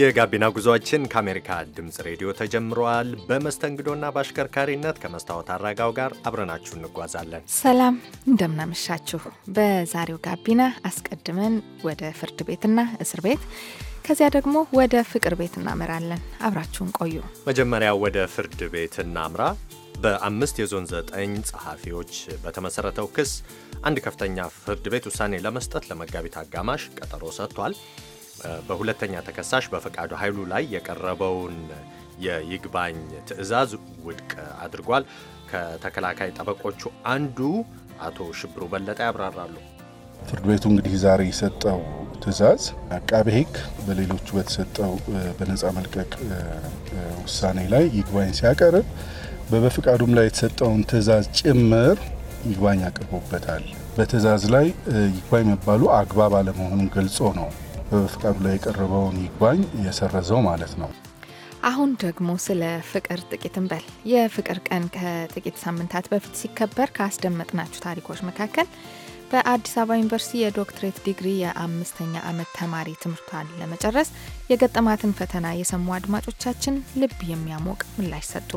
የጋቢና ጉዟችን ከአሜሪካ ድምፅ ሬዲዮ ተጀምረዋል። በመስተንግዶና በአሽከርካሪነት ከመስታወት አራጋው ጋር አብረናችሁ እንጓዛለን። ሰላም እንደምናመሻችሁ። በዛሬው ጋቢና አስቀድመን ወደ ፍርድ ቤትና እስር ቤት ከዚያ ደግሞ ወደ ፍቅር ቤት እናመራለን። አብራችሁን ቆዩ። መጀመሪያ ወደ ፍርድ ቤት እናምራ። በአምስት የዞን ዘጠኝ ጸሐፊዎች በተመሰረተው ክስ አንድ ከፍተኛ ፍርድ ቤት ውሳኔ ለመስጠት ለመጋቢት አጋማሽ ቀጠሮ ሰጥቷል። በሁለተኛ ተከሳሽ በፈቃዱ ኃይሉ ላይ የቀረበውን የይግባኝ ትዕዛዝ ውድቅ አድርጓል። ከተከላካይ ጠበቆቹ አንዱ አቶ ሽብሩ በለጠ ያብራራሉ። ፍርድ ቤቱ እንግዲህ ዛሬ የሰጠው ትዕዛዝ አቃቤ ሕግ በሌሎቹ በተሰጠው በነፃ መልቀቅ ውሳኔ ላይ ይግባኝ ሲያቀርብ በበፍቃዱም ላይ የተሰጠውን ትዕዛዝ ጭምር ይግባኝ አቅርቦበታል። በትዕዛዝ ላይ ይግባኝ መባሉ አግባብ አለመሆኑን ገልጾ ነው በመፍቀር ላይ የቀረበውን ይግባኝ የሰረዘው ማለት ነው። አሁን ደግሞ ስለ ፍቅር ጥቂት እንበል። የፍቅር ቀን ከጥቂት ሳምንታት በፊት ሲከበር ካስደመጥናችሁ ታሪኮች መካከል በአዲስ አበባ ዩኒቨርሲቲ የዶክትሬት ዲግሪ የአምስተኛ ዓመት ተማሪ ትምህርቷን ለመጨረስ የገጠማትን ፈተና የሰሙ አድማጮቻችን ልብ የሚያሞቅ ምላሽ ሰጡ።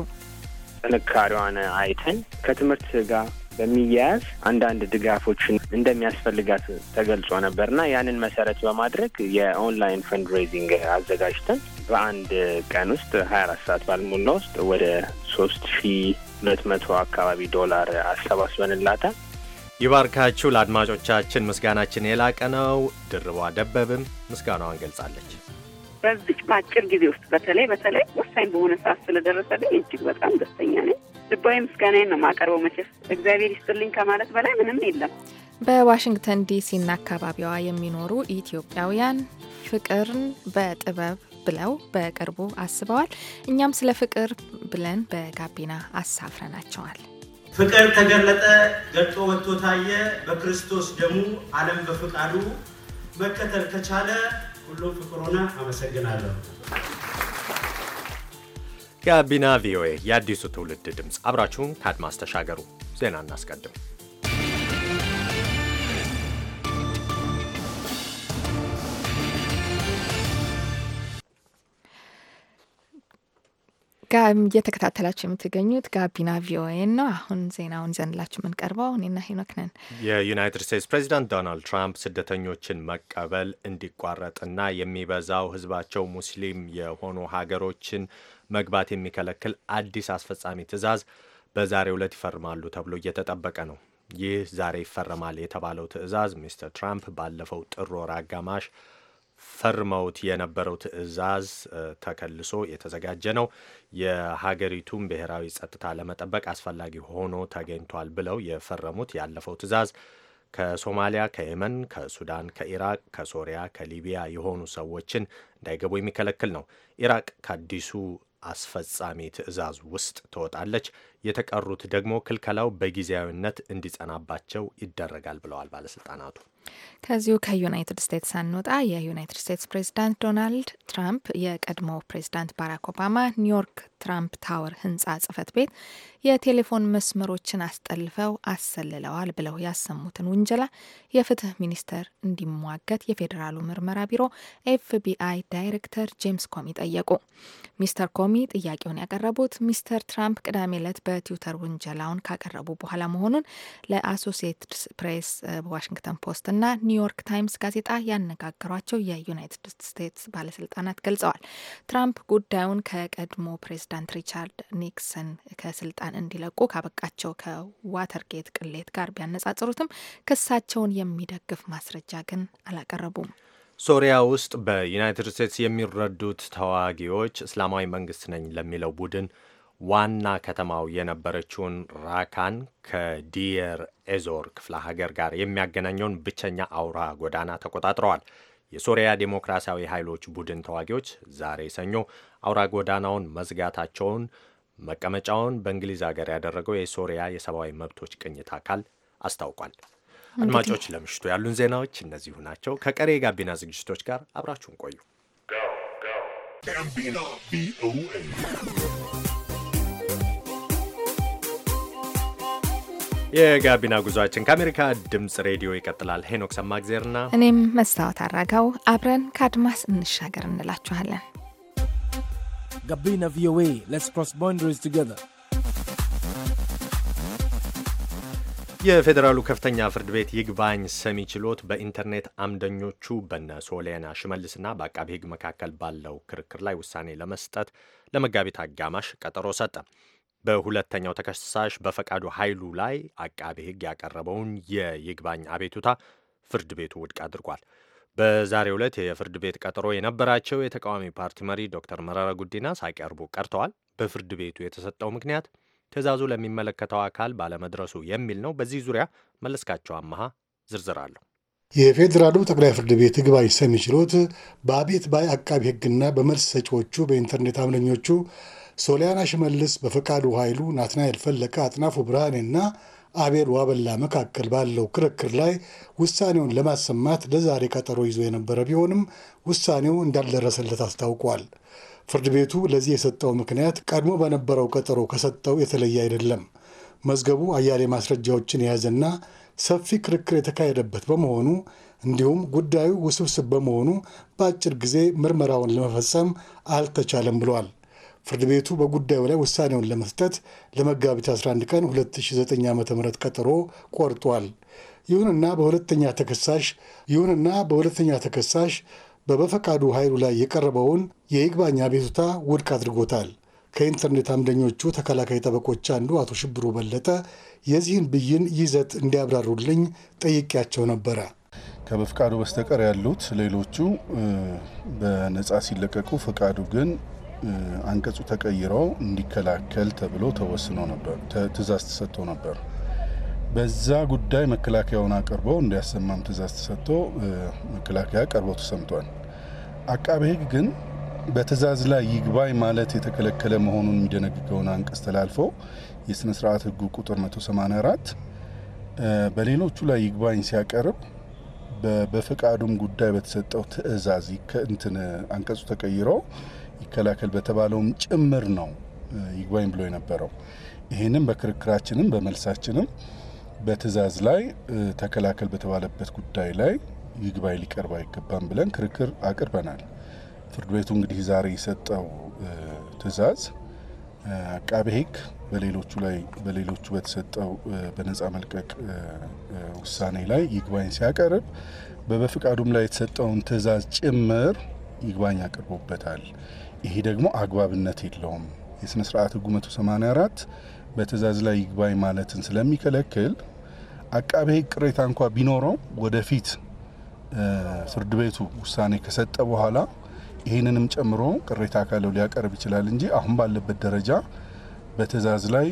ጥንካሬዋን አይተን ከትምህርት ጋር በሚያያዝ አንዳንድ ድጋፎችን እንደሚያስፈልጋት ተገልጾ ነበርና ያንን መሰረት በማድረግ የኦንላይን ፈንድ አዘጋጅተን በአንድ ቀን ውስጥ ሀያ አራት ሰዓት ባልሞላ ውስጥ ወደ ሶስት ሺ ሁለት መቶ አካባቢ ዶላር አሰባስበንላታል። ይባርካችሁ። ለአድማጮቻችን ምስጋናችን የላቀ ነው። ድርቧ ደበብም ምስጋናዋን ገልጻለች። በዚህ በአጭር ጊዜ ውስጥ በተለይ በተለይ ወሳኝ በሆነ ሰዓት ስለደረሰልኝ እጅግ በጣም ደስተኛ ነኝ። ልባዊ ምስጋናዬን ነው የማቀርበው። መቼስ እግዚአብሔር ይስጥልኝ ከማለት በላይ ምንም የለም። በዋሽንግተን እና አካባቢዋ የሚኖሩ ኢትዮጵያውያን ፍቅርን በጥበብ ብለው በቅርቡ አስበዋል። እኛም ስለ ፍቅር ብለን በጋቢና አሳፍረናቸዋል። ፍቅር ተገለጠ፣ ገልጦ ወጥቶ ታየ። በክርስቶስ ደሙ ዓለም በፍቃዱ መከተል ከቻለ ሁሉም ፍቅር ሆነ። አመሰግናለሁ። ጋቢና ቪኦኤ የአዲሱ ትውልድ ድምፅ፣ አብራችሁን ከአድማስ ተሻገሩ። ዜና እናስቀድም። እየተከታተላችሁ የምትገኙት ጋቢና ቪኦኤ ነው። አሁን ዜናውን ይዘንላችሁ የምንቀርበው እኔና ሄኖክ ነን። የዩናይትድ ስቴትስ ፕሬዚዳንት ዶናልድ ትራምፕ ስደተኞችን መቀበል እንዲቋረጥና የሚበዛው ሕዝባቸው ሙስሊም የሆኑ ሀገሮችን መግባት የሚከለክል አዲስ አስፈጻሚ ትዕዛዝ በዛሬው ዕለት ይፈርማሉ ተብሎ እየተጠበቀ ነው። ይህ ዛሬ ይፈረማል የተባለው ትዕዛዝ ሚስተር ትራምፕ ባለፈው ጥር ወር አጋማሽ ፈርመውት የነበረው ትዕዛዝ ተከልሶ የተዘጋጀ ነው። የሀገሪቱን ብሔራዊ ጸጥታ ለመጠበቅ አስፈላጊ ሆኖ ተገኝቷል ብለው የፈረሙት ያለፈው ትዕዛዝ ከሶማሊያ፣ ከየመን፣ ከሱዳን፣ ከኢራቅ፣ ከሶሪያ፣ ከሊቢያ የሆኑ ሰዎችን እንዳይገቡ የሚከለክል ነው። ኢራቅ ከአዲሱ አስፈጻሚ ትዕዛዝ ውስጥ ትወጣለች። የተቀሩት ደግሞ ክልከላው በጊዜያዊነት እንዲጸናባቸው ይደረጋል ብለዋል ባለስልጣናቱ። ከዚሁ ከዩናይትድ ስቴትስ አንወጣ። የዩናይትድ ስቴትስ ፕሬዚዳንት ዶናልድ ትራምፕ የቀድሞ ፕሬዚዳንት ባራክ ኦባማ ኒውዮርክ ትራምፕ ታወር ህንጻ ጽህፈት ቤት የቴሌፎን መስመሮችን አስጠልፈው አሰልለዋል ብለው ያሰሙትን ውንጀላ የፍትህ ሚኒስቴር እንዲሟገት የፌዴራሉ ምርመራ ቢሮ ኤፍቢአይ ዳይሬክተር ጄምስ ኮሚ ጠየቁ። ሚስተር ኮሚ ጥያቄውን ያቀረቡት ሚስተር ትራምፕ ቅዳሜ ዕለት በ በትዊተር ውንጀላውን ካቀረቡ በኋላ መሆኑን ለአሶሲየትድ ፕሬስ በዋሽንግተን ፖስት እና ኒውዮርክ ታይምስ ጋዜጣ ያነጋገሯቸው የዩናይትድ ስቴትስ ባለስልጣናት ገልጸዋል። ትራምፕ ጉዳዩን ከቀድሞ ፕሬዚዳንት ሪቻርድ ኒክሰን ከስልጣን እንዲለቁ ካበቃቸው ከዋተርጌት ቅሌት ጋር ቢያነጻጽሩትም ክሳቸውን የሚደግፍ ማስረጃ ግን አላቀረቡም። ሶሪያ ውስጥ በዩናይትድ ስቴትስ የሚረዱት ተዋጊዎች እስላማዊ መንግስት ነኝ ለሚለው ቡድን ዋና ከተማው የነበረችውን ራካን ከዲየር ኤዞር ክፍለ ሀገር ጋር የሚያገናኘውን ብቸኛ አውራ ጎዳና ተቆጣጥረዋል። የሶሪያ ዴሞክራሲያዊ ኃይሎች ቡድን ተዋጊዎች ዛሬ ሰኞ አውራ ጎዳናውን መዝጋታቸውን መቀመጫውን በእንግሊዝ ሀገር ያደረገው የሶሪያ የሰብአዊ መብቶች ቅኝት አካል አስታውቋል። አድማጮች፣ ለምሽቱ ያሉን ዜናዎች እነዚሁ ናቸው። ከቀሪ የጋቢና ዝግጅቶች ጋር አብራችሁን ቆዩ። የጋቢና ጉዟችን ከአሜሪካ ድምፅ ሬዲዮ ይቀጥላል። ሄኖክ ሰማግዜርና እኔም መስታወት አራጋው አብረን ከአድማስ እንሻገር እንላችኋለን። ጋቢና ቪኦኤ ሌትስ ክሮስ ቦንደሪስ ቱጌዘር የፌዴራሉ ከፍተኛ ፍርድ ቤት ይግባኝ ሰሚ ችሎት በኢንተርኔት አምደኞቹ በነ ሶሊያና ሽመልስና በአቃቢ ሕግ መካከል ባለው ክርክር ላይ ውሳኔ ለመስጠት ለመጋቢት አጋማሽ ቀጠሮ ሰጠ። በሁለተኛው ተከሳሽ በፈቃዱ ኃይሉ ላይ አቃቤ ሕግ ያቀረበውን የይግባኝ አቤቱታ ፍርድ ቤቱ ውድቅ አድርጓል። በዛሬው ዕለት የፍርድ ቤት ቀጠሮ የነበራቸው የተቃዋሚ ፓርቲ መሪ ዶክተር መረራ ጉዲና ሳይቀርቡ ቀርተዋል። በፍርድ ቤቱ የተሰጠው ምክንያት ትዕዛዙ ለሚመለከተው አካል ባለመድረሱ የሚል ነው። በዚህ ዙሪያ መለስካቸው አመሃ ዝርዝር አለሁ። የፌዴራሉ ጠቅላይ ፍርድ ቤት ይግባኝ ሰሚ ችሎት በአቤት ባይ አቃቢ ህግና በመልስ ሰጪዎቹ በኢንተርኔት አምለኞቹ ሶሊያና ሽመልስ፣ በፈቃዱ ኃይሉ፣ ናትናኤል ፈለቀ፣ አጥናፉ ብርሃኔና አቤል ዋበላ መካከል ባለው ክርክር ላይ ውሳኔውን ለማሰማት ለዛሬ ቀጠሮ ይዞ የነበረ ቢሆንም ውሳኔው እንዳልደረሰለት አስታውቋል። ፍርድ ቤቱ ለዚህ የሰጠው ምክንያት ቀድሞ በነበረው ቀጠሮ ከሰጠው የተለየ አይደለም። መዝገቡ አያሌ ማስረጃዎችን የያዘና ሰፊ ክርክር የተካሄደበት በመሆኑ እንዲሁም ጉዳዩ ውስብስብ በመሆኑ በአጭር ጊዜ ምርመራውን ለመፈጸም አልተቻለም ብሏል። ፍርድ ቤቱ በጉዳዩ ላይ ውሳኔውን ለመስጠት ለመጋቢት 11 ቀን 2009 ዓ ም ቀጠሮ ቆርጧል። ይሁንና በሁለተኛ ተከሳሽ ይሁንና በሁለተኛ ተከሳሽ በበፈቃዱ ኃይሉ ላይ የቀረበውን የይግባኝ አቤቱታ ውድቅ አድርጎታል። ከኢንተርኔት አምደኞቹ ተከላካይ ጠበቆች አንዱ አቶ ሽብሩ በለጠ የዚህን ብይን ይዘት እንዲያብራሩልኝ ጠይቄያቸው ነበረ። ከበፍቃዱ በስተቀር ያሉት ሌሎቹ በነጻ ሲለቀቁ ፈቃዱ ግን አንቀጹ ተቀይሮ እንዲከላከል ተብሎ ተወስኖ ነበር፣ ትእዛዝ ተሰጥቶ ነበር። በዛ ጉዳይ መከላከያውን አቅርቦ እንዲያሰማም ትእዛዝ ተሰጥቶ መከላከያ ቀርቦ ተሰምቷል። አቃቤ ሕግ ግን በትእዛዝ ላይ ይግባኝ ማለት የተከለከለ መሆኑን የሚደነግገውን አንቀጽ ተላልፎ የሥነ ስርዓት ሕጉ ቁጥር 184 በሌሎቹ ላይ ይግባኝ ሲያቀርብ በፈቃዱም ጉዳይ በተሰጠው ትእዛዝ እንትን አንቀጹ ተቀይሮ ይከላከል በተባለውም ጭምር ነው ይግባኝ ብሎ የነበረው። ይህንም በክርክራችንም በመልሳችንም በትዕዛዝ ላይ ተከላከል በተባለበት ጉዳይ ላይ ይግባኝ ሊቀርብ አይገባም ብለን ክርክር አቅርበናል። ፍርድ ቤቱ እንግዲህ ዛሬ የሰጠው ትዕዛዝ አቃቤ ሕግ በሌሎቹ ላይ በሌሎቹ በተሰጠው በነጻ መልቀቅ ውሳኔ ላይ ይግባኝ ሲያቀርብ በበፍቃዱም ላይ የተሰጠውን ትዕዛዝ ጭምር ይግባኝ አቅርቦበታል። ይሄ ደግሞ አግባብነት የለውም። የስነ ስርዓት ህጉ 184 በትእዛዝ ላይ ይግባኝ ማለትን ስለሚከለክል አቃቤ ቅሬታ እንኳ ቢኖረው ወደፊት ፍርድ ቤቱ ውሳኔ ከሰጠ በኋላ ይህንንም ጨምሮ ቅሬታ ካለው ሊያቀርብ ይችላል እንጂ አሁን ባለበት ደረጃ በትእዛዝ ላይ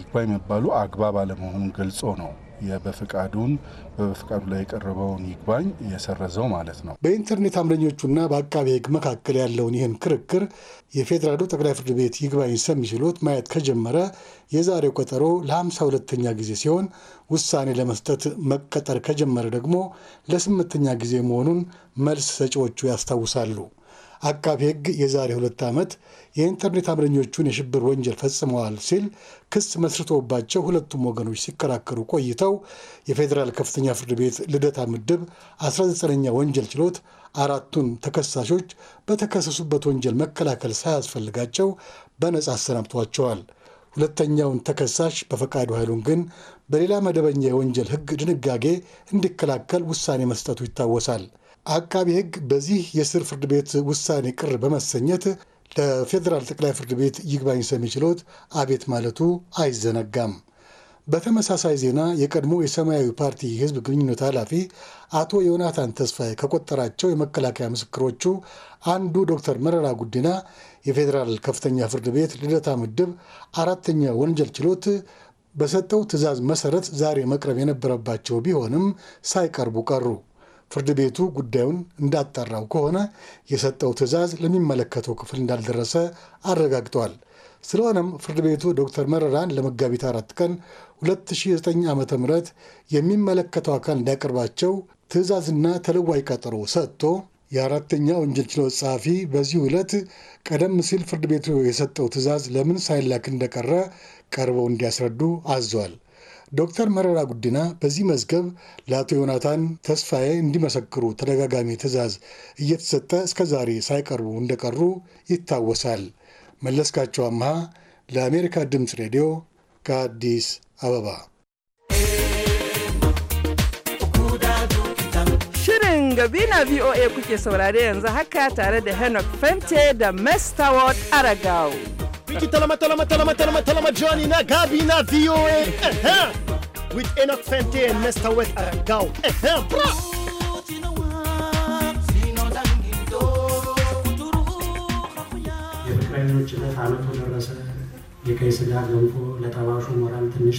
ይግባኝ መባሉ አግባብ አለመሆኑን ገልጾ ነው የበፍቃዱን በበፍቃዱ ላይ የቀረበውን ይግባኝ የሰረዘው ማለት ነው። በኢንተርኔት አምረኞቹና በአቃቤ ሕግ መካከል ያለውን ይህን ክርክር የፌዴራሉ ጠቅላይ ፍርድ ቤት ይግባኝ ሰሚ ችሎት ማየት ከጀመረ የዛሬው ቀጠሮ ለሃምሳ ሁለተኛ ጊዜ ሲሆን ውሳኔ ለመስጠት መቀጠር ከጀመረ ደግሞ ለስምንተኛ ጊዜ መሆኑን መልስ ሰጪዎቹ ያስታውሳሉ። አቃቢ ሕግ የዛሬ ሁለት ዓመት የኢንተርኔት አምረኞቹን የሽብር ወንጀል ፈጽመዋል ሲል ክስ መስርቶባቸው ሁለቱም ወገኖች ሲከራከሩ ቆይተው የፌዴራል ከፍተኛ ፍርድ ቤት ልደታ ምድብ 19ኛ ወንጀል ችሎት አራቱን ተከሳሾች በተከሰሱበት ወንጀል መከላከል ሳያስፈልጋቸው በነጻ አሰናብቷቸዋል። ሁለተኛውን ተከሳሽ በፈቃዱ ኃይሉን ግን በሌላ መደበኛ የወንጀል ሕግ ድንጋጌ እንዲከላከል ውሳኔ መስጠቱ ይታወሳል። አቃቢ ሕግ በዚህ የስር ፍርድ ቤት ውሳኔ ቅር በመሰኘት ለፌዴራል ጠቅላይ ፍርድ ቤት ይግባኝ ሰሚ ችሎት አቤት ማለቱ አይዘነጋም። በተመሳሳይ ዜና የቀድሞ የሰማያዊ ፓርቲ የህዝብ ግንኙነት ኃላፊ አቶ ዮናታን ተስፋዬ ከቆጠራቸው የመከላከያ ምስክሮቹ አንዱ ዶክተር መረራ ጉዲና የፌዴራል ከፍተኛ ፍርድ ቤት ልደታ ምድብ አራተኛ ወንጀል ችሎት በሰጠው ትዕዛዝ መሰረት ዛሬ መቅረብ የነበረባቸው ቢሆንም ሳይቀርቡ ቀሩ። ፍርድ ቤቱ ጉዳዩን እንዳጣራው ከሆነ የሰጠው ትዕዛዝ ለሚመለከተው ክፍል እንዳልደረሰ አረጋግጠዋል። ስለሆነም ፍርድ ቤቱ ዶክተር መረራን ለመጋቢት አራት ቀን 2009 ዓ ም የሚመለከተው አካል እንዲያቀርባቸው ትዕዛዝና ተለዋጭ ቀጠሮ ሰጥቶ የአራተኛ ወንጀል ችሎት ጸሐፊ በዚህ ዕለት ቀደም ሲል ፍርድ ቤቱ የሰጠው ትዕዛዝ ለምን ሳይላክ እንደቀረ ቀርበው እንዲያስረዱ አዟል። ዶክተር መረራ ጉዲና በዚህ መዝገብ ለአቶ ዮናታን ተስፋዬ እንዲመሰክሩ ተደጋጋሚ ትዕዛዝ እየተሰጠ እስከ ዛሬ ሳይቀርቡ እንደቀሩ ይታወሳል። መለስካቸው አምሃ ለአሜሪካ ድምፅ ሬዲዮ ከአዲስ አበባ። Shirin Gabina VOA kuke saurare yanzu haka tare da Henok Fente da Mestaward Aragao. Wikitolama tolama Johnny na Gabi na VOA. With Enoch Fente and Mr. West Aragao. የፍቅረኞች ዕለት ደረሰ። የቀይ ስጋ ገንፎ ለጠባሹ ሞራል ትንሽ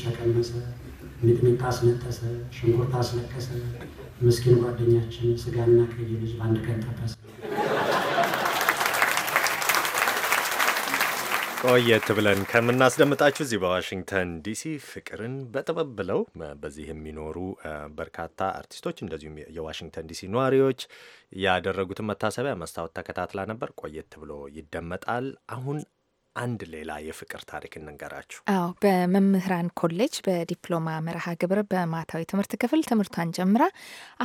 ሚጥሚጣ አስነጠሰ፣ ሽንኩርት አስለቀሰ። ምስኪን ጓደኛችን ስጋና ቀይ ልጅ በአንድ ቀን ጠበሰ። ቆየት ብለን ከምናስደምጣችሁ እዚህ በዋሽንግተን ዲሲ ፍቅርን በጥበብ ብለው በዚህ የሚኖሩ በርካታ አርቲስቶች እንደዚሁም የዋሽንግተን ዲሲ ነዋሪዎች ያደረጉትን መታሰቢያ መስታወት ተከታትላ ነበር። ቆየት ብሎ ይደመጣል። አሁን አንድ ሌላ የፍቅር ታሪክ እንንገራችሁ። አዎ፣ በመምህራን ኮሌጅ በዲፕሎማ መርሃ ግብር በማታዊ ትምህርት ክፍል ትምህርቷን ጀምራ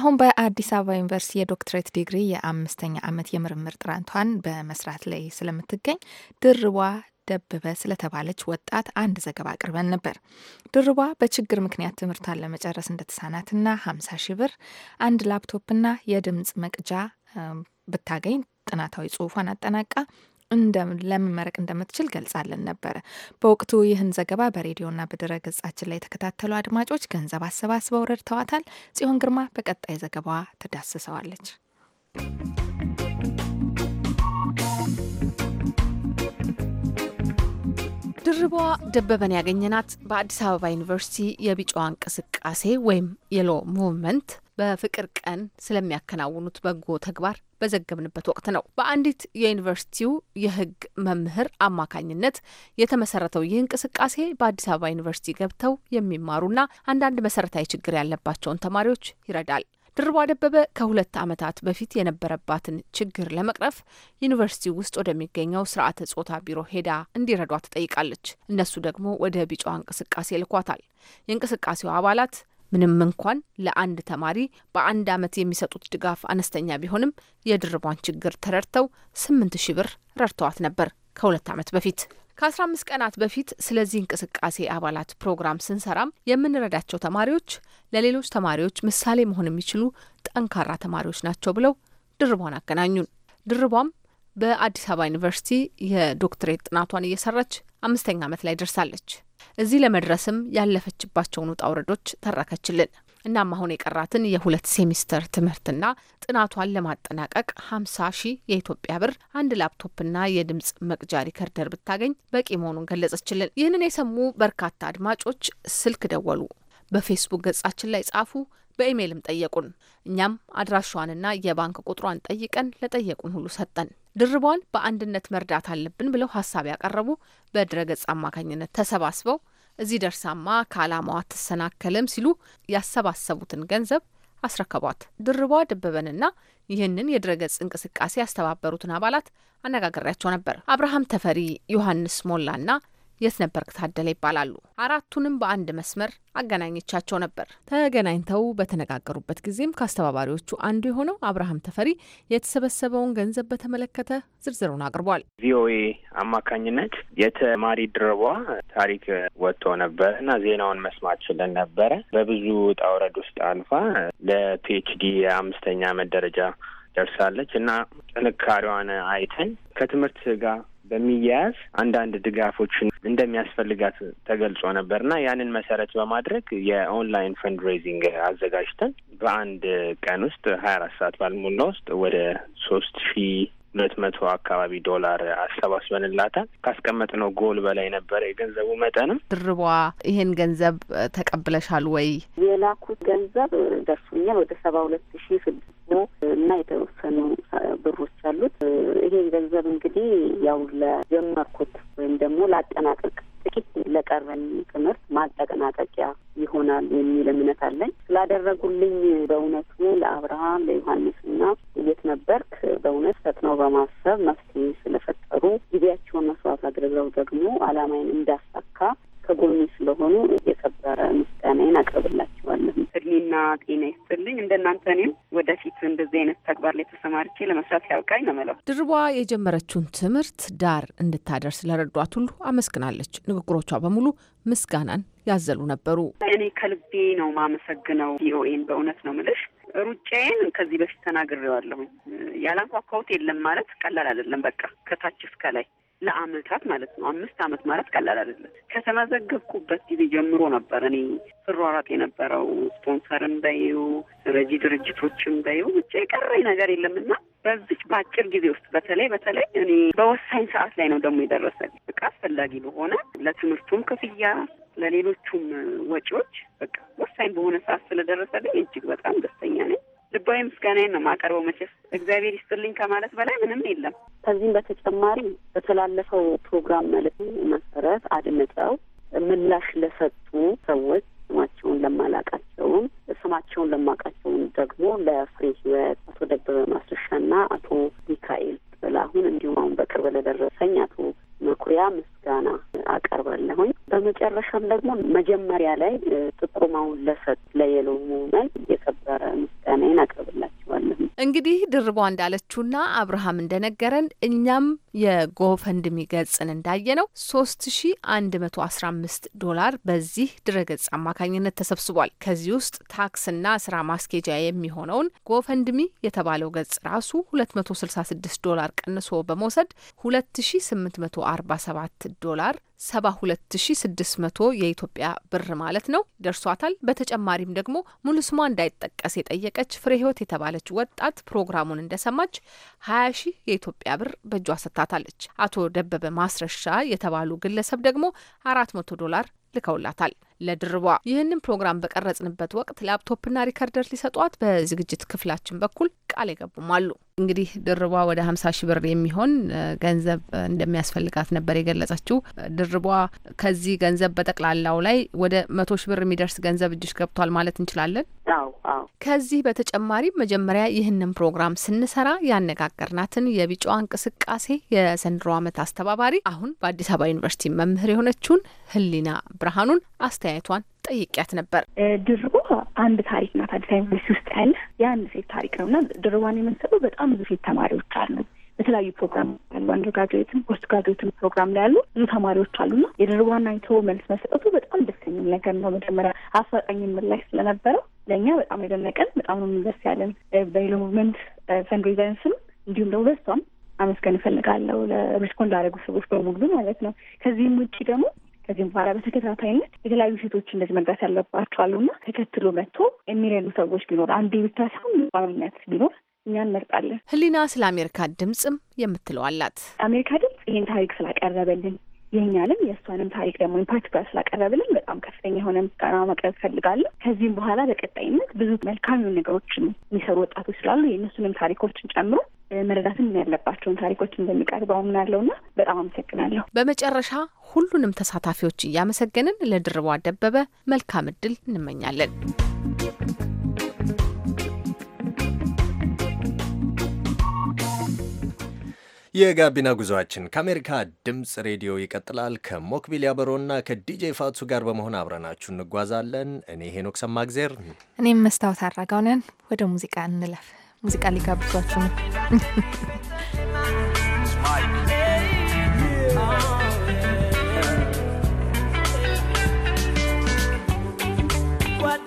አሁን በአዲስ አበባ ዩኒቨርሲቲ የዶክትሬት ዲግሪ የአምስተኛ ዓመት የምርምር ጥናቷን በመስራት ላይ ስለምትገኝ ድርቧ ደበበ ስለተባለች ወጣት አንድ ዘገባ አቅርበን ነበር። ድርቧ በችግር ምክንያት ትምህርቷን ለመጨረስ እንደተሳናትና 50 ሺ ብር አንድ ላፕቶፕና የድምፅ መቅጃ ብታገኝ ጥናታዊ ጽሁፏን አጠናቃ ለመመረቅ እንደምትችል ገልጻለን ነበረ። በወቅቱ ይህን ዘገባ በሬዲዮና በድረ ገጻችን ላይ የተከታተሉ አድማጮች ገንዘብ አሰባስበው ረድተዋታል። ጽዮን ግርማ በቀጣይ ዘገባዋ ትዳስሰዋለች። ባልደረቧ ደበበን ያገኘናት በአዲስ አበባ ዩኒቨርሲቲ የቢጫዋ እንቅስቃሴ ወይም የሎ ሙቭመንት በፍቅር ቀን ስለሚያከናውኑት በጎ ተግባር በዘገብንበት ወቅት ነው። በአንዲት የዩኒቨርሲቲው የሕግ መምህር አማካኝነት የተመሰረተው ይህ እንቅስቃሴ በአዲስ አበባ ዩኒቨርሲቲ ገብተው የሚማሩና አንዳንድ መሰረታዊ ችግር ያለባቸውን ተማሪዎች ይረዳል። ድርቧ ደበበ ከሁለት ዓመታት በፊት የነበረባትን ችግር ለመቅረፍ ዩኒቨርሲቲ ውስጥ ወደሚገኘው ስርዓተ ጾታ ቢሮ ሄዳ እንዲረዷ ትጠይቃለች። እነሱ ደግሞ ወደ ቢጫዋ እንቅስቃሴ ልኳታል። የእንቅስቃሴው አባላት ምንም እንኳን ለአንድ ተማሪ በአንድ ዓመት የሚሰጡት ድጋፍ አነስተኛ ቢሆንም የድርቧን ችግር ተረድተው ስምንት ሺህ ብር ረድተዋት ነበር ከሁለት ዓመት በፊት ከ15 ቀናት በፊት ስለዚህ እንቅስቃሴ አባላት ፕሮግራም ስንሰራም የምንረዳቸው ተማሪዎች ለሌሎች ተማሪዎች ምሳሌ መሆን የሚችሉ ጠንካራ ተማሪዎች ናቸው ብለው ድርቧን አገናኙን። ድርቧም በአዲስ አበባ ዩኒቨርሲቲ የዶክትሬት ጥናቷን እየሰራች አምስተኛ ዓመት ላይ ደርሳለች። እዚህ ለመድረስም ያለፈችባቸውን ውጣ ውረዶች ተረከችልን። እናም አሁን የቀራትን የሁለት ሴሚስተር ትምህርትና ጥናቷን ለማጠናቀቅ ሀምሳ ሺህ የኢትዮጵያ ብር አንድ ላፕቶፕና የድምጽ መቅጃ ሪከርደር ብታገኝ በቂ መሆኑን ገለጸችልን። ይህንን የሰሙ በርካታ አድማጮች ስልክ ደወሉ፣ በፌስቡክ ገጻችን ላይ ጻፉ፣ በኢሜይልም ጠየቁን። እኛም አድራሿንና የባንክ ቁጥሯን ጠይቀን ለጠየቁን ሁሉ ሰጠን። ድርቧን በአንድነት መርዳት አለብን ብለው ሀሳብ ያቀረቡ በድረገጽ አማካኝነት ተሰባስበው እዚህ ደርሳማ ከዓላማዋ አትሰናከልም ሲሉ ያሰባሰቡትን ገንዘብ አስረከቧት። ድርቧ ደበበንና ይህንን የድረገጽ እንቅስቃሴ ያስተባበሩትን አባላት አነጋግሬያቸው ነበር። አብርሃም ተፈሪ፣ ዮሐንስ ሞላና የስነበርክ ታደለ ይባላሉ። አራቱንም በአንድ መስመር አገናኘቻቸው ነበር። ተገናኝተው በተነጋገሩበት ጊዜም ከአስተባባሪዎቹ አንዱ የሆነው አብርሃም ተፈሪ የተሰበሰበውን ገንዘብ በተመለከተ ዝርዝሩን አቅርቧል። ቪኦኤ አማካኝነት የተማሪ ድርቧ ታሪክ ወጥቶ ነበር እና ዜናውን መስማት ችለን ነበረ። በብዙ ጣውረድ ውስጥ አልፋ ለፒኤችዲ የአምስተኛ ዓመት ደረጃ ደርሳለች እና ጥንካሬዋን አይተን ከትምህርት ጋር በሚያያዝ አንዳንድ ድጋፎችን እንደሚያስፈልጋት ተገልጾ ነበር እና ያንን መሰረት በማድረግ የኦንላይን ፈንድ ሬይዚንግ አዘጋጅተን በአንድ ቀን ውስጥ ሀያ አራት ሰዓት ባልሞላ ውስጥ ወደ ሶስት ሺህ ሁለት መቶ አካባቢ ዶላር አሰባስበንላታል። ካስቀመጥነው ጎል በላይ ነበረ የገንዘቡ መጠንም። ድርቧ ይሄን ገንዘብ ተቀብለሻል ወይ? የላኩት ገንዘብ ደርሶኛል ወደ ሰባ ሁለት ሺ ስድስት እና የተወሰኑ ብሮች አሉት። ይሄን ገንዘብ እንግዲህ ያው ለጀመርኩት ወይም ደግሞ ላጠናቀቅ ጥቂት ለቀረኝ ትምህርት ማጠቀናቀቂያ ይሆናል የሚል እምነት አለኝ። ስላደረጉልኝ በእውነቱ ለአብርሃም፣ ለዮሐንስ በማሰብ መፍትሄ ስለፈጠሩ ጊዜያቸውን መስዋዕት አድርገው ደግሞ አላማዬን እንዳሳካ ከጎኔ ስለሆኑ የከበረ ምስጋናዬን አቅርብላቸዋለሁ። እድሜና ጤና ይስጥልኝ። እንደናንተ እኔም ወደፊት እንደዚህ አይነት ተግባር ላይ ተሰማርቼ ለመስራት ያብቃኝ ነው የምለው። ድርቧ የጀመረችውን ትምህርት ዳር እንድታደርስ ለረዷት ሁሉ አመስግናለች። ንግግሮቿ በሙሉ ምስጋናን ያዘሉ ነበሩ። እኔ ከልቤ ነው ማመሰግነው ቪኦኤን በእውነት ነው ምልሽ ሩጫዬን ከዚህ በፊት ተናግሬዋለሁ። ያላንኳኳሁት የለም ማለት ቀላል አይደለም። በቃ ከታች እስከ ላይ ለአመታት ማለት ነው። አምስት አመት ማለት ቀላል አይደለም። ከተመዘገብኩበት ጊዜ ጀምሮ ነበር እኔ ፍሯራት የነበረው ስፖንሰርም በዩ ረጂ ድርጅቶችም በዩ ብቻ የቀረኝ ነገር የለምና በዚች በአጭር ጊዜ ውስጥ በተለይ በተለይ እኔ በወሳኝ ሰዓት ላይ ነው ደግሞ የደረሰልኝ። በቃ አስፈላጊ በሆነ ለትምህርቱም ክፍያ ለሌሎቹም ወጪዎች በቃ ወሳኝ በሆነ ሰዓት ስለደረሰልኝ እጅግ በጣም ደስተኛ ነኝ። ልባዊ ምስጋናዬን ነው የማቀርበው። መቼስ እግዚአብሔር ይስጥልኝ ከማለት በላይ ምንም የለም። ከዚህም በተጨማሪ በተላለፈው ፕሮግራም መልዕክት መሰረት አድምጠው ምላሽ ለሰጡ ሰዎች ስማቸውን ለማላቃቸውም ስማቸውን ለማቃቸውን ደግሞ ለፍሬ ህይወት፣ አቶ ደበበ ማስረሻና አቶ ሚካኤል ጥላሁን እንዲሁም አሁን በቅርብ ለደረሰኝ አቶ መኩሪያ ምስጋና አቀርባለሁኝ። በመጨረሻም ደግሞ መጀመሪያ ላይ ጥቆማውን ለሰጥ ለየሎ ሙመን የከበረ ምስጋናዬን አቀርብላችኋለሁ። እንግዲህ ድርቧ እንዳለችውና አብርሃም እንደነገረን እኛም የጎፈንድሚ ገጽን እንዳየ ነው ሶስት ሺ አንድ መቶ አስራ አምስት ዶላር በዚህ ድረገጽ አማካኝነት ተሰብስቧል። ከዚህ ውስጥ ታክስና ስራ ማስኬጃ የሚሆነውን ጎፈንድሚ የተባለው ገጽ ራሱ ሁለት መቶ ስልሳ ስድስት ዶላር ቀንሶ በመውሰድ ሁለት ሺ ስምንት መቶ አርባ ሰባት ዶላር 72600 የኢትዮጵያ ብር ማለት ነው ደርሷታል። በተጨማሪም ደግሞ ሙሉ ስሟ እንዳይጠቀስ የጠየቀች ፍሬ ህይወት የተባለች ወጣት ፕሮግራሙን እንደሰማች 20 ሺህ የኢትዮጵያ ብር በእጇ ሰጥታታለች። አቶ ደበበ ማስረሻ የተባሉ ግለሰብ ደግሞ 400 ዶላር ልከውላታል። ለድርቧ ይህንን ፕሮግራም በቀረጽንበት ወቅት ላፕቶፕና ሪከርደር ሊሰጧት በዝግጅት ክፍላችን በኩል ቃል የገቡም አሉ። እንግዲህ ድርቧ ወደ ሀምሳ ሺ ብር የሚሆን ገንዘብ እንደሚያስፈልጋት ነበር የገለጸችው። ድርቧ ከዚህ ገንዘብ በጠቅላላው ላይ ወደ መቶ ሺ ብር የሚደርስ ገንዘብ እጅሽ ገብቷል ማለት እንችላለን። ከዚህ በተጨማሪ መጀመሪያ ይህንን ፕሮግራም ስንሰራ ያነጋገርናትን የቢጫዋ እንቅስቃሴ የዘንድሮ ዓመት አስተባባሪ አሁን በአዲስ አበባ ዩኒቨርሲቲ መምህር የሆነችውን ህሊና ብርሃኑን አስ አስተያየቷን ጠይቂያት ነበር። ድርዋ አንድ ታሪክ ናት አዲስ አበባ ዩኒቨርሲቲ ውስጥ ያለ የአንድ ሴት ታሪክ ነው እና ድርዋን የመሰሉ በጣም ብዙ ሴት ተማሪዎች አሉ። በተለያዩ ፕሮግራም ያሉ አንደር ግራጁዌትም ፖስት ግራጁዌትም ፕሮግራም ላይ ያሉ ብዙ ተማሪዎች አሉ አሉና የድርቧን አይቶ መልስ መሰጠቱ በጣም ደስ የሚል ነገር ነው። መጀመሪያ አፋጣኝ ምላሽ ስለነበረው ለእኛ በጣም የደነቀን በጣም ነው ደስ ያለን። በሌሎ ሙቭመንት ፈንድሬዘንስም እንዲሁም ደግሞ በሷም አመስገን እፈልጋለሁ ለሪስፖንድ ላደረጉ ሰዎች በሙሉ ማለት ነው። ከዚህም ውጭ ደግሞ ከዚህም በኋላ በተከታታይነት የተለያዩ ሴቶች እንደዚህ መድረስ ያለባቸዋሉ እና ተከትሎ መጥቶ የሚረዱ ሰዎች ቢኖር አንዱ ብቻ ሳይሆን ቋሚነት ቢኖር እኛ እንመርጣለን። ህሊና ስለ አሜሪካ ድምፅም የምትለው አላት። አሜሪካ ድምፅ ይህን ታሪክ ስላቀረበልን የኛንም የእሷንም ታሪክ ደግሞ ኢምፓርቲኩላር ስላቀረብልን በጣም ከፍተኛ የሆነ ምስጋና መቅረብ እፈልጋለሁ። ከዚህም በኋላ በቀጣይነት ብዙ መልካም የሆኑ ነገሮችን የሚሰሩ ወጣቶች ስላሉ የእነሱንም ታሪኮችን ጨምሮ መረዳትም ያለባቸውን ታሪኮች እንደሚቀርበው አምናለሁና በጣም አመሰግናለሁ። በመጨረሻ ሁሉንም ተሳታፊዎች እያመሰገንን ለድርቡ ደበበ መልካም እድል እንመኛለን። የጋቢና ጉዞአችን ከአሜሪካ ድምፅ ሬዲዮ ይቀጥላል። ከሞክቢል ያበሮና ከዲጄ ፋቱ ጋር በመሆን አብረናችሁ እንጓዛለን። እኔ ሄኖክ ሰማግዜር፣ እኔም መስታወት አራጋው ወደ ሙዚቃ እንለፍ። ሙዚቃ ሊጋብዟችሁ ነው።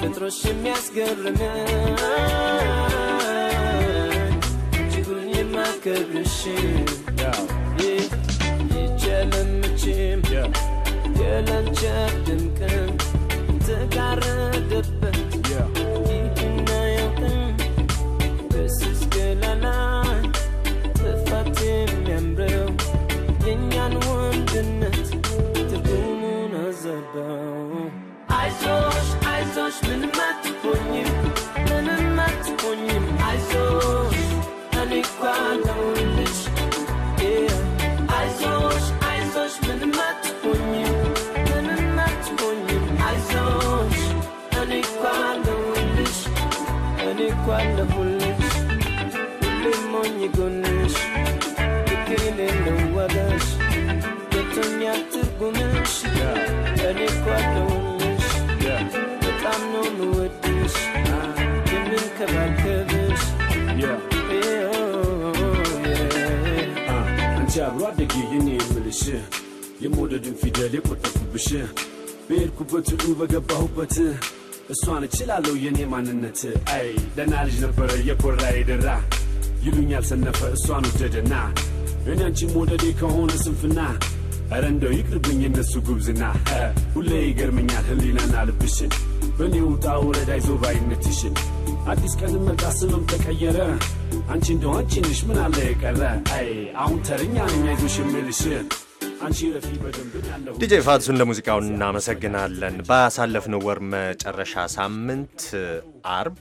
ፍጥሮሽ የሚያስገርም እጅጉን የማከብርሽ ይጨለምችም የለንቸት ድምቅም ተጋረደበት ይድና ያውቅም በስስገላና ጥፋት የሚያምረው የእኛን ብለሽ ምንም አትሆኝም፣ ምንም አትሆኝም። እኔ እኮ አለሁልሽ። አይዞሽ አይዞሽ ምንም አትሆኝም፣ ምንም አሳድጊ የኔ የምልሽ የመውደድን ፊደል የቆጠፉብሽ በሄድኩበት ሁሉ በገባሁበት እሷን እችላለሁ የኔ ማንነት አይ ደና ልጅ ነበረ የኮራ የደራ ይሉኛል ሰነፈ እሷን ወደደና እኔ አንቺም ወደዴ ከሆነ ስንፍና ኧረ እንደው ይቅርብኝ እነሱ ጉብዝና ሁሌ ይገርመኛል ህሊናና ልብሽን በእኔ ውጣ ውረድ አይዞ ባይነትሽን አዲስ ቀን መጣ ስምም ተቀየረ አንቺ እንደሆን ትንሽ ምን አለ የቀረ አሁን ተርኛ ነኝ አይዞሽ የምልሽን ዲጄ ፋትሱን ለሙዚቃው እናመሰግናለን። ባሳለፍነው ወር መጨረሻ ሳምንት አርብ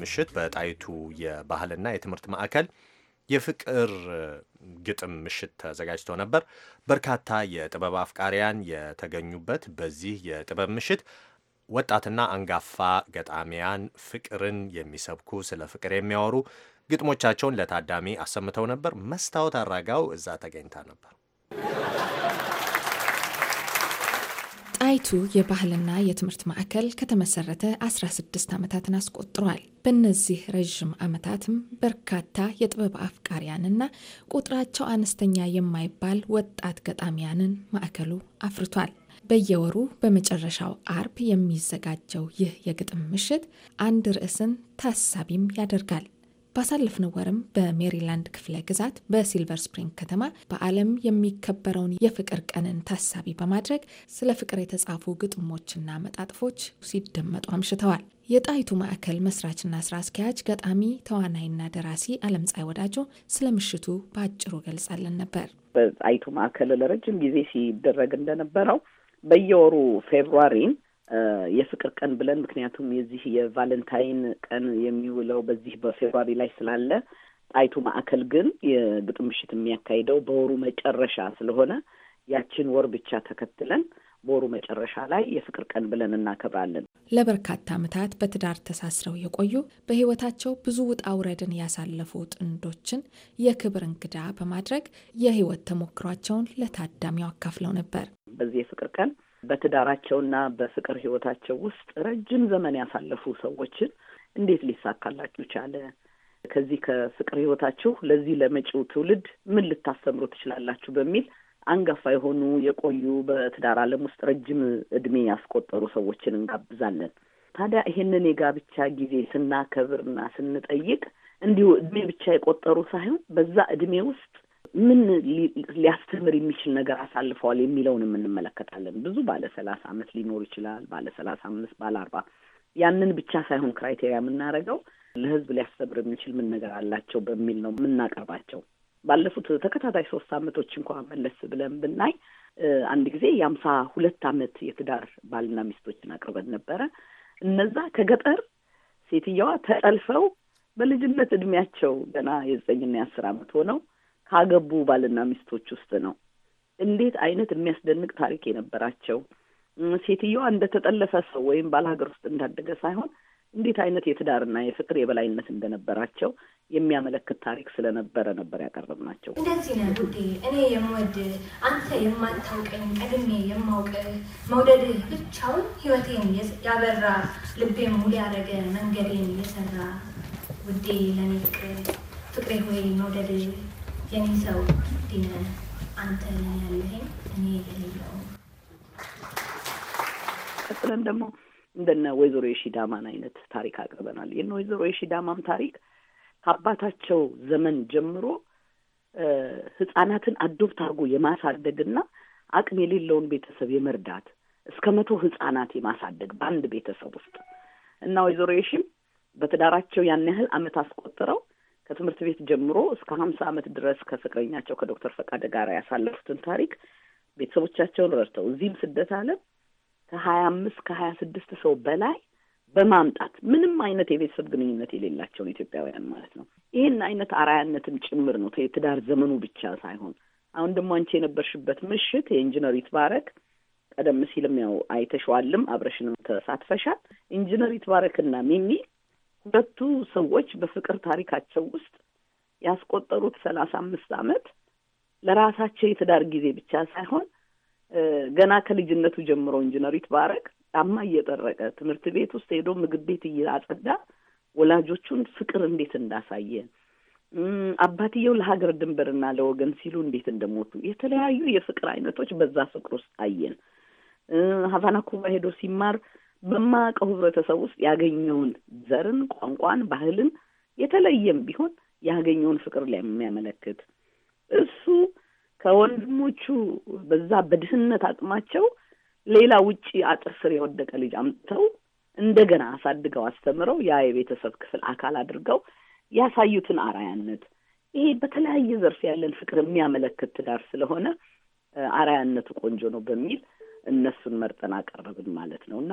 ምሽት በጣይቱ የባህልና የትምህርት ማዕከል የፍቅር ግጥም ምሽት ተዘጋጅቶ ነበር። በርካታ የጥበብ አፍቃሪያን የተገኙበት በዚህ የጥበብ ምሽት ወጣትና አንጋፋ ገጣሚያን ፍቅርን የሚሰብኩ ስለ ፍቅር የሚያወሩ ግጥሞቻቸውን ለታዳሚ አሰምተው ነበር። መስታወት አራጋው እዛ ተገኝታ ነበር። ጣይቱ የባህልና የትምህርት ማዕከል ከተመሰረተ 16 ዓመታትን አስቆጥሯል። በእነዚህ ረዥም ዓመታትም በርካታ የጥበብ አፍቃሪያንና ቁጥራቸው አነስተኛ የማይባል ወጣት ገጣሚያንን ማዕከሉ አፍርቷል። በየወሩ በመጨረሻው አርብ የሚዘጋጀው ይህ የግጥም ምሽት አንድ ርዕስን ታሳቢም ያደርጋል። ባሳለፍነው ወርም በሜሪላንድ ክፍለ ግዛት በሲልቨር ስፕሪንግ ከተማ በዓለም የሚከበረውን የፍቅር ቀንን ታሳቢ በማድረግ ስለ ፍቅር የተጻፉ ግጥሞችና መጣጥፎች ሲደመጡ አምሽተዋል። የጣይቱ ማዕከል መስራችና ስራ አስኪያጅ ገጣሚ ተዋናይና ደራሲ አለምፀሐይ ወዳጆ ስለ ምሽቱ በአጭሩ ገልጻለን ነበር። በጣይቱ ማዕከል ለረጅም ጊዜ ሲደረግ እንደነበረው በየወሩ ፌብሩዋሪን የፍቅር ቀን ብለን ምክንያቱም የዚህ የቫለንታይን ቀን የሚውለው በዚህ በፌብሪ ላይ ስላለ ጣይቱ ማዕከል ግን የግጥም ምሽት የሚያካሂደው በወሩ መጨረሻ ስለሆነ ያችን ወር ብቻ ተከትለን በወሩ መጨረሻ ላይ የፍቅር ቀን ብለን እናከብራለን። ለበርካታ ዓመታት በትዳር ተሳስረው የቆዩ በህይወታቸው ብዙ ውጣ ውረድን ያሳለፉ ጥንዶችን የክብር እንግዳ በማድረግ የህይወት ተሞክሯቸውን ለታዳሚው አካፍለው ነበር። በዚህ የፍቅር ቀን በትዳራቸውና በፍቅር ህይወታቸው ውስጥ ረጅም ዘመን ያሳለፉ ሰዎችን እንዴት ሊሳካላችሁ ቻለ? ከዚህ ከፍቅር ህይወታችሁ ለዚህ ለመጪው ትውልድ ምን ልታስተምሩ ትችላላችሁ? በሚል አንጋፋ የሆኑ የቆዩ በትዳር ዓለም ውስጥ ረጅም እድሜ ያስቆጠሩ ሰዎችን እንጋብዛለን። ታዲያ ይሄንን የጋብቻ ጊዜ ስናከብርና ስንጠይቅ እንዲሁ እድሜ ብቻ የቆጠሩ ሳይሆን በዛ እድሜ ውስጥ ምን ሊያስተምር የሚችል ነገር አሳልፈዋል የሚለውን የምንመለከታለን። ብዙ ባለ ሰላሳ አመት ሊኖር ይችላል፣ ባለ ሰላሳ አምስት ባለ አርባ ያንን ብቻ ሳይሆን ክራይቴሪያ የምናደርገው ለህዝብ ሊያስተምር የሚችል ምን ነገር አላቸው በሚል ነው የምናቀርባቸው። ባለፉት ተከታታይ ሶስት አመቶች እንኳን መለስ ብለን ብናይ አንድ ጊዜ የአምሳ ሁለት አመት የትዳር ባልና ሚስቶችን አቅርበን ነበረ። እነዛ ከገጠር ሴትየዋ ተጠልፈው በልጅነት እድሜያቸው ገና የዘጠኝና የአስር አመት ሆነው ካገቡ ባልና ሚስቶች ውስጥ ነው። እንዴት አይነት የሚያስደንቅ ታሪክ የነበራቸው ሴትዮዋ እንደተጠለፈ ሰው ወይም ባል ሀገር ውስጥ እንዳደገ ሳይሆን እንዴት አይነት የትዳርና የፍቅር የበላይነት እንደነበራቸው የሚያመለክት ታሪክ ስለነበረ ነበር ያቀረብ ናቸው። እንደዚህ ነ እኔ የምወድ አንተ የማታውቀኝ ቀድሜ የማውቅ መውደድ ብቻውን ህይወቴን ያበራ ልቤ ሙሉ ያደረገ መንገዴን የሰራ ውዴ፣ ለኔ ፍቅሬ ሆይ መውደድ የኔ ሰው ዲነ አንተ እኔ ቀጥለን ደግሞ እንደነ ወይዘሮ የሺዳማን አይነት ታሪክ አቅርበናል። ይህን ወይዘሮ የሺዳማም ታሪክ ከአባታቸው ዘመን ጀምሮ ህጻናትን አዶብት አድርጎ የማሳደግና አቅም የሌለውን ቤተሰብ የመርዳት እስከ መቶ ህጻናት የማሳደግ በአንድ ቤተሰብ ውስጥ እና ወይዘሮ የሺም በትዳራቸው ያን ያህል አመት አስቆጥረው ከትምህርት ቤት ጀምሮ እስከ ሀምሳ ዓመት ድረስ ከፍቅረኛቸው ከዶክተር ፈቃደ ጋር ያሳለፉትን ታሪክ ቤተሰቦቻቸውን ረድተው እዚህም ስደት ዓለም ከሀያ አምስት ከሀያ ስድስት ሰው በላይ በማምጣት ምንም አይነት የቤተሰብ ግንኙነት የሌላቸውን ኢትዮጵያውያን ማለት ነው። ይህን አይነት አራያነትም ጭምር ነው የትዳር ዘመኑ ብቻ ሳይሆን አሁን ደግሞ አንቺ የነበርሽበት ምሽት የኢንጂነር ይትባረክ ቀደም ሲልም ያው አይተሸዋልም አብረሽንም ተሳትፈሻል። ኢንጂነር ይትባረክና ሚሚ ሁለቱ ሰዎች በፍቅር ታሪካቸው ውስጥ ያስቆጠሩት ሰላሳ አምስት ዓመት ለራሳቸው የትዳር ጊዜ ብቻ ሳይሆን ገና ከልጅነቱ ጀምሮ ኢንጂነሪት ባረቅ ጫማ እየጠረቀ ትምህርት ቤት ውስጥ ሄዶ ምግብ ቤት እያጸዳ ወላጆቹን ፍቅር እንዴት እንዳሳየ አባትየው ለሀገር ድንበርና ለወገን ሲሉ እንዴት እንደሞቱ የተለያዩ የፍቅር አይነቶች በዛ ፍቅር ውስጥ አየን። ሀቫና ኩባ ሄዶ ሲማር በማያውቀው ህብረተሰብ ውስጥ ያገኘውን ዘርን፣ ቋንቋን፣ ባህልን የተለየም ቢሆን ያገኘውን ፍቅር የሚያመለክት እሱ ከወንድሞቹ በዛ በድህነት አቅማቸው ሌላ ውጪ አጥር ስር የወደቀ ልጅ አምጥተው እንደገና አሳድገው አስተምረው ያ የቤተሰብ ክፍል አካል አድርገው ያሳዩትን አራያነት ይሄ በተለያየ ዘርፍ ያለን ፍቅር የሚያመለክት ትዳር ስለሆነ አራያነቱ ቆንጆ ነው በሚል እነሱን መርጠን አቀረብን ማለት ነው እና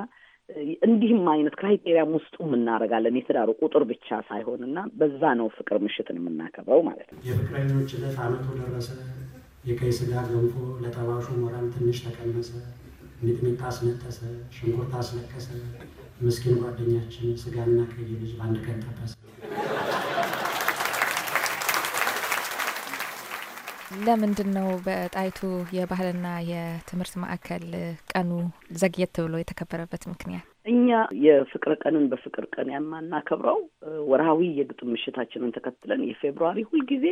እንዲህም አይነት ክራይቴሪያም ውስጡ እናደርጋለን የትዳሩ ቁጥር ብቻ ሳይሆን እና በዛ ነው ፍቅር ምሽትን የምናከብረው ማለት ነው። የፍቅረኞች ዕለት አመቱ ደረሰ። የቀይ ስጋ ገንፎ ለጠባሹ ሞራል ትንሽ ተቀነሰ። ሚጥሚጣ አስነጠሰ፣ ሽንኩርት አስለቀሰ። ምስኪን ጓደኛችን ስጋና ቀይ ልጅ በአንድ ቀን ጠበሰ። ለምንድን ነው በጣይቱ የባህልና የትምህርት ማዕከል ቀኑ ዘግየት ብሎ የተከበረበት ምክንያት? እኛ የፍቅር ቀንን በፍቅር ቀን የማናከብረው ወርሃዊ የግጥም ምሽታችንን ተከትለን የፌብሩዋሪ ሁልጊዜ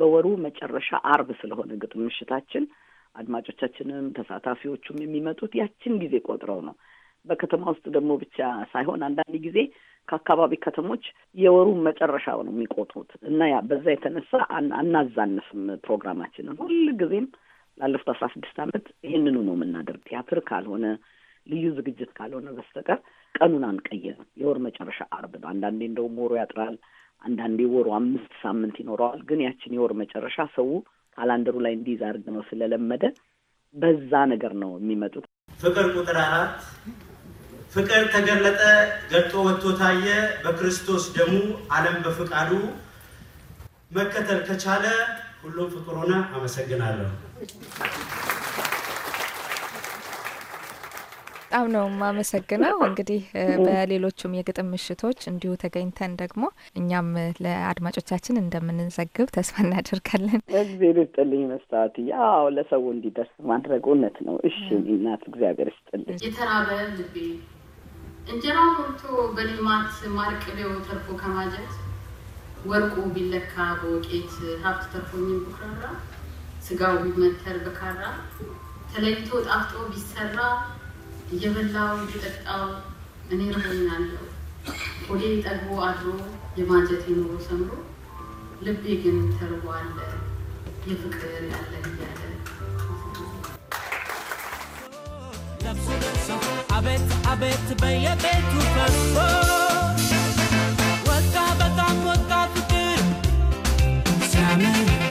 በወሩ መጨረሻ አርብ ስለሆነ ግጥም ምሽታችን አድማጮቻችንም ተሳታፊዎቹም የሚመጡት ያችን ጊዜ ቆጥረው ነው። በከተማ ውስጥ ደግሞ ብቻ ሳይሆን አንዳንድ ጊዜ ከአካባቢ ከተሞች የወሩን መጨረሻ ነው የሚቆጥሩት እና ያ በዛ የተነሳ አናዛነፍም ፕሮግራማችንን ሁል ጊዜም ላለፉት አስራ ስድስት ዓመት ይህንኑ ነው የምናደርግ። ቲያትር ካልሆነ ልዩ ዝግጅት ካልሆነ በስተቀር ቀኑን አንቀይርም። የወር መጨረሻ አርብ ነው። አንዳንዴ እንደውም ወሩ ያጥራል፣ አንዳንዴ ወሩ አምስት ሳምንት ይኖረዋል። ግን ያችን የወር መጨረሻ ሰው ካላንደሩ ላይ እንዲይዝ አድርግ ነው ስለለመደ በዛ ነገር ነው የሚመጡት። ፍቅር ቁጥር አራት ፍቅር ተገለጠ፣ ገልጦ ወጥቶ ታየ። በክርስቶስ ደሙ ዓለም በፍቃዱ መከተል ከቻለ ሁሉም ፍቅር ሆነ። አመሰግናለሁ። በጣም ነው የማመሰግነው። እንግዲህ በሌሎቹም የግጥም ምሽቶች እንዲሁ ተገኝተን ደግሞ እኛም ለአድማጮቻችን እንደምንዘግብ ተስፋ እናደርጋለን። እግዚአብሔር ይስጥልኝ መስታወት። ያው ለሰው እንዲደርስ ማድረግ እውነት ነው። እሺ እናት እግዚአብሔር ይስጥልኝ። የተራበ ልቤ እንጀራ ሞልቶ በልማት ማርቅቤው ተርፎ ከማጀት ወርቁ ቢለካ በወቄት ሀብት ተርፎኝ ብኩራራ ስጋው ቢመተር በካራ ተለይቶ ጣፍጦ ቢሰራ እየበላው እየጠጣው እኔ ርሆኛለሁ ሆዴ ጠግቦ አድሮ የማጀት የኖሮ ሰምሮ ልቤ ግን ተርቦ አለ የፍቅር ያለ እያለ Yeah.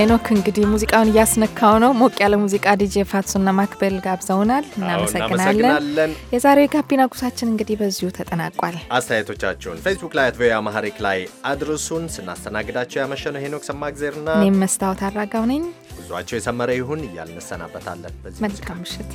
ኤኖክ እንግዲህ ሙዚቃውን እያስነካው ነው። ሞቅ ያለ ሙዚቃ ዲጄ ፋትሱና ማክበል ጋብዘውናል። እናመሰግናለን። የዛሬው የጋቢና ጉሳችን እንግዲህ በዚሁ ተጠናቋል። አስተያየቶቻችሁን ፌስቡክ ላይ አትቪ አማሐሪክ ላይ አድርሱን። ስናስተናግዳቸው ያመሸነው ሄኖክ ሰማእግዜርና እኔም መስታወት አራጋው ነኝ። ጉዟቸው የሰመረ ይሁን እያልን እንሰናበታለን። በዚህ መልካም ምሽት